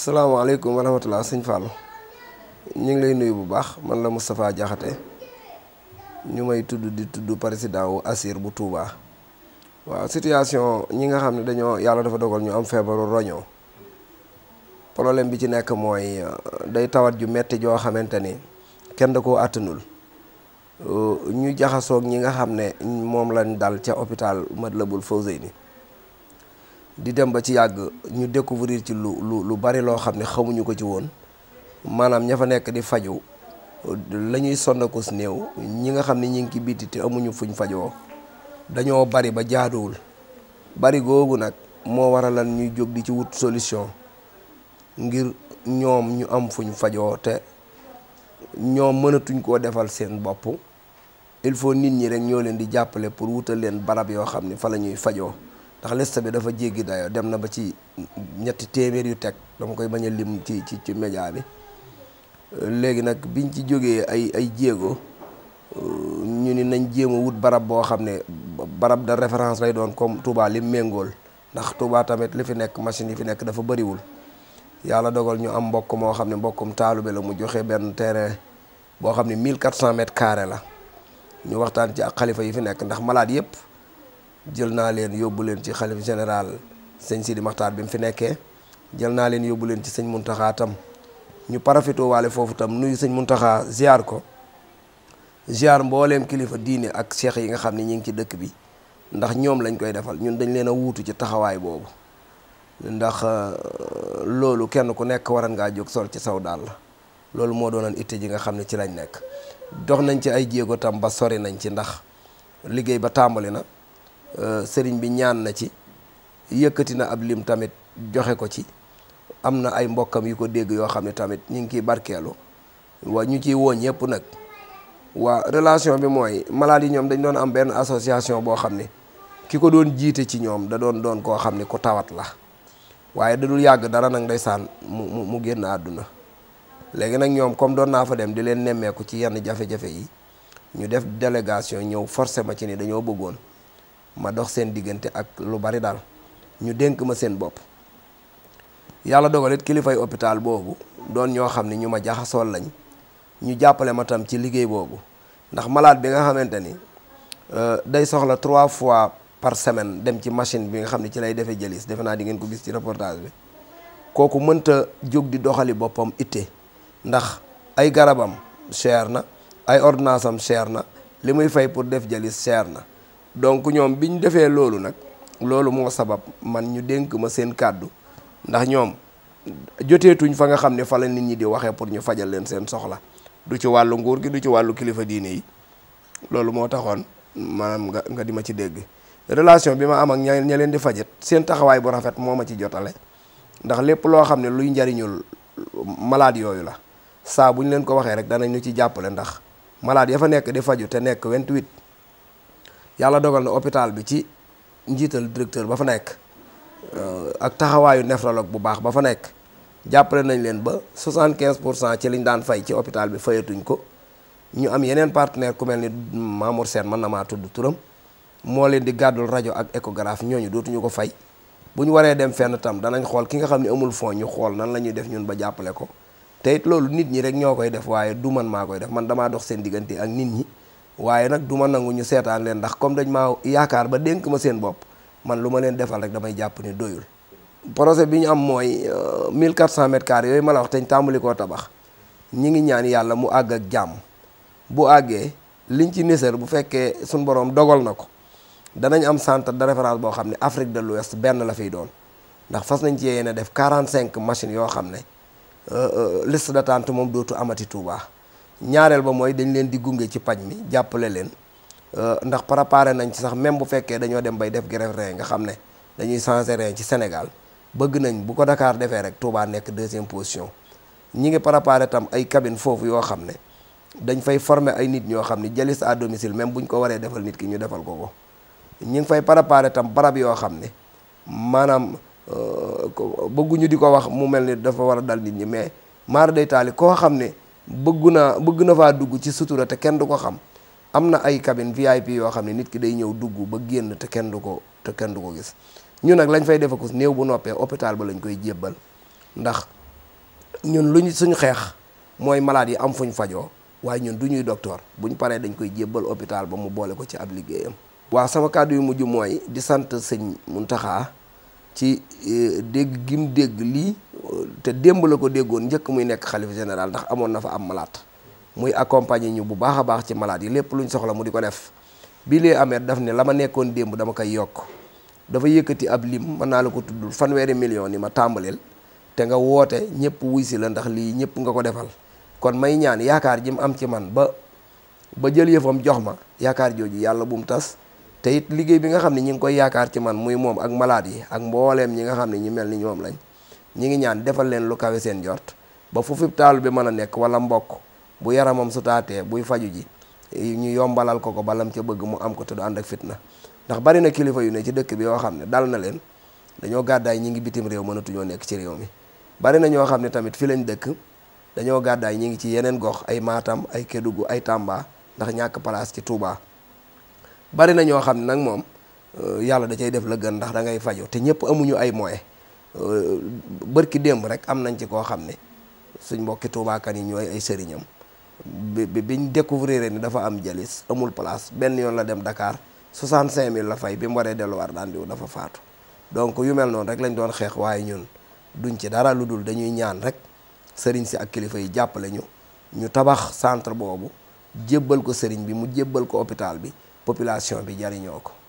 salaamaaleykum wa rahmatulah sëñ fàll ñu ngi lay nuyu bu baax man la Moustapha Diakhaté ñu may tudd di tudd président wu ASIR bu Touba. waaw situation ñi nga xam ne dañoo yàlla dafa dogal ñu am feebaru roño problème bi ci nekk mooy euh, day tawat ju metti joo xamante ni kenn da koo àttanul euh, ñu jaxasoog ñi nga xam ne moom lañ daal ca hôpital Matlaboul Fawzeyni di dem ba ci yàgg ñu découvrir ci lu lu lu bari loo xam ne xamuñu ko ci woon maanaam ña fa nekk di faju lañuy ñuy sonn ko si néew ñi nga xam ne ñi ngi ci te amuñu fuñ fajoo dañoo bari ba jaaduwul bari googu nag moo waral lan ñuy jóg di ci wut solution ngir ñoom ñu am fuñ fajoo te ñoom mënatuñ koo defal seen bopp il faut nit ñi rek ñoo leen di jàppale pour wutal leen barab yoo xam ne fa la ñuy fajoo ndax liste bi dafa jéggi dayo dem na ba ci ñetti téeméer yu teg dama koy bañ a lim ci ci ci média bi léegi nag biñ ci jógee ay ay jéego euh, ñu ni nañ jéem wut barab boo xam ne barab de référence lay doon comme Touba lim méngool ndax Touba tamit li fi nekk machine yi fi nekk dafa bëriwul yàlla dogal ñu am mbokk moo xam ne mbokkum taalu taalube la mu joxe benn terrain boo xam ne mille 1400 mètres carrés la ñu waxtaan ci ak xalifa yi fi nekk ndax malade yëpp jël naa leen yóbbu leen ci xalif général sëñ Sidi Maxtaar bi mu fi nekkee jël naa leen yóbbu leen ci sëñ muntaxaa tam ñu parafitoo waale foofu tam nuyu sëñ muntaxaa ziar ko ziar mbooleem kilifa diine ak cheikh yi nga xam ne ñi ngi ci dëkk bi ndax ñoom lañ koy defal ñun dañ leen a wuutu ci taxawaay boobu ndax euh, loolu kenn ku nekk waran ngaa jóg sol ci saw daal la loolu moo doonoon itte ji nga xam ne ci lañ nekk dox nañ ci ay jéego tam ba sori nañ ci ndax liggéey ba tàmbali na Euh, sëriñ bi ñaan na ci yëkkati na ab lim tamit joxe ko ci am na ay mbokkam yu ko dégg yoo xam ne tamit ñu ngi ciy barkeelu waa ñu ciy woo ñëpp nag waa relation bi mooy malade yi ñoom dañ doon am benn association boo xam ne ki ko doon jiite ci ñoom da doon doon koo xam ne ku tawat la waaye dadul yàgg dara nag ndeysaan mu mu mu génn àdduna léegi nag ñoom comme doon naa fa dem di leen nemmeeku ci yenn jafe-jafe yi ñu def délégation ñëw forcé ma ci ni dañoo bëggoon ma dox seen diggante ak lu bari daal ñu dénk ma seen bopp yàlla dogal it kilifay hôpital boobu doon ñoo xam ne ñu ma jaxasool lañ ñu jàppale ma tam ci liggéey boobu ndax malaat bi nga xamante ni euh, day soxla trois fois par semaine dem ci machine bi nga xam ne ci lay defee jëlis defe naa di ngeen ko gis ci reportage bi kooku mënta jóg di doxali boppam itte ndax ay garabam cher na ay ordonnance am cher na li muy fay pour def jëlis cher na donc ñoom bi ñu defee loolu nag loolu moo sabab man ñu dénk ma seen kàddu ndax ñoom joteetuñ fa nga xam ne fa la nit ñi di waxee pour ñu fajal leen seen soxla du ci wàllu nguur gi du ci wàllu kilifa diine yi loolu moo taxoon maanaam nga nga di ma ci dégg relation bi ma am ak ña ña leen di fajat seen taxawaay bu rafet moo ma ci jotale ndax lépp loo xam ne luy njariñul malade yooyu la saa bu ñu leen ko waxee rek danañ ñu ci jàppale ndax malade ya fa nekk di faju te nekk 28 yàlla dogal na hôpital bi ci njiital directeur ba fa nekk euh, ak taxawaayu néphrologue bu baax ba fa nekk jàppale nañ leen ba 75 pour cent ci liñ daan fay ci hôpital bi fayatuñ ko ñu am yeneen partenaire ku mel ni Mamour Sène mën na maa tudd turam moo leen di gàddul rajo ak échographe ñooñu dootuñu ko fay bu ñu waree dem fenn tam danañ xool ki nga xam ne amul fond ñu xool na la ñuy def ñun ba jàppale ko te it loolu nit ñi rek ñoo koy def waaye du man maa koy def man damaa seen diggante ak nit ñi waaye nag du ma nangu ñu seetaan leen ndax comme dañ ma yaakaar ba dénk ma seen bopp man lu ma leen defal rek damay jàpp ni doyul projet bi ñu am mooy euh, cent mètres carrés yooyu ma la wax te ñu tàmbali koo tabax ñi ngi ñaan yàlla mu àgg ak jàmm bu àggee liñ ci nisër bu fekkee suñ borom dogal na ko danañ am centre de référence boo xam ne Afrique de l'Ouest benn la fiy doon ndax fas nañ ci yéene def quarante cinq machines yoo xam ne euh, euh, liste d'attente moom dootu amati Touba. ñaareel ba mooy dañ leen di gunge ci paj mi jàppale leen euh, ndax préparé nañ ci sax même bu fekkee dañoo dem bay def grève rein nga xam ne dañuy changé ci Sénégal bëgg nañ bu ko Dakar defee rek Touba nekk deuxième position ñi ngi préparé tam ay cabine foofu yoo xam ne dañ fay former ay nit ñoo xam ne jalis à domicile même buñ ko waree defal nit ki ñu defal ko ko ñi ngi fay préparé tam barab yoo xam ne maanaam euh, bëgguñu di ko wax mu mel ni dafa war a ñi mais maar koo xam ne bëggu naa bëgg na faa dugg ci sutura te kenn du ko xam am na ay cabine VIP yoo xam ne nit ki day ñëw dugg ba génn te kenn du ko te kenn du ko gis ñun nag lañ fay defakus néew bu noppee hôpital ba lañ koy jébbal ndax ñun lu luñ suñu xeex mooy malade yi am fuñ fajoo waaye ñun du ñuy docteur buñ paree dañ koy jébbal hôpital ba mu boole ko ci ab liggéeyam. waa sama kàddu yu mujj mooy di sant sëñ Muntaxa ci euh, dégg gim dégg lii te démb la ko déggoon njëkk muy nekk xalifa général ndax amoon na fa am malaat muy accompagne ñu bu baax a baax ci malaat yi lépp luñ soxla mu di ko def bi lee amee daf ne la ma nekkoon démb dama koy yokk dafa yëkkati ab lim mën naa la ko tuddul fanweeri million ni ma tàmbaleel te nga woote ñëpp wuy si la ndax lii ñëpp nga ko defal kon may ñaan yaakaar ji mu am ci man ba ba jël yëfam jox ma yaakaar jooju yàlla bu mu tas te it liggéey bi nga xam ne ñi ngi koy yaakaar ci man muy moom ak malaat yi ak mbooleem ñi nga xam ne ñu mel ni ñoom lañ ñi ngi ñaan defal leen lu kawe seen jot ba fu fi taal bi mën a nekk wala mbokk bu yaramam su taatee buy faju ji ñu yombalal ko ko balam ca bëgg mu am ko te du ànd ak fitna ndax bari na kilifa yu ne ci dëkk bi yoo xam ne dal na leen dañoo gàddaay ñi ngi bitim réew mënatuñoo nekk ci réew mi bari na ñoo xam ne tamit fi lañ dëkk dañoo gàddaay ñi ngi ci yeneen gox ay Matam ay Kédougou ay Tamba ndax ñàkk place ci Touba bari na ñoo xam ne nag moom euh, yàlla da cay def la gën ndax da ngay faju te ñëpp amuñu ay moyens euh, bërki démb rek am nañ ci koo xam ne suñ mbokki tuubaakan yi ñooy ay sëriñam bi biñ découvrir ni dafa am jalis amul place benn yoon la dem Dakar 65000 la fay bi mu waree delluwaat daan diw dafa faatu donc yu mel noonu rek lañ doon xeex waaye ñun duñ ci dara lu dul dañuy ñaan rek sëriñ si ak kilifa yi jàpp lañu ñu tabax centre boobu jébbal ko sëriñ bi mu jébbal ko hôpital bi population bi jariñoo ko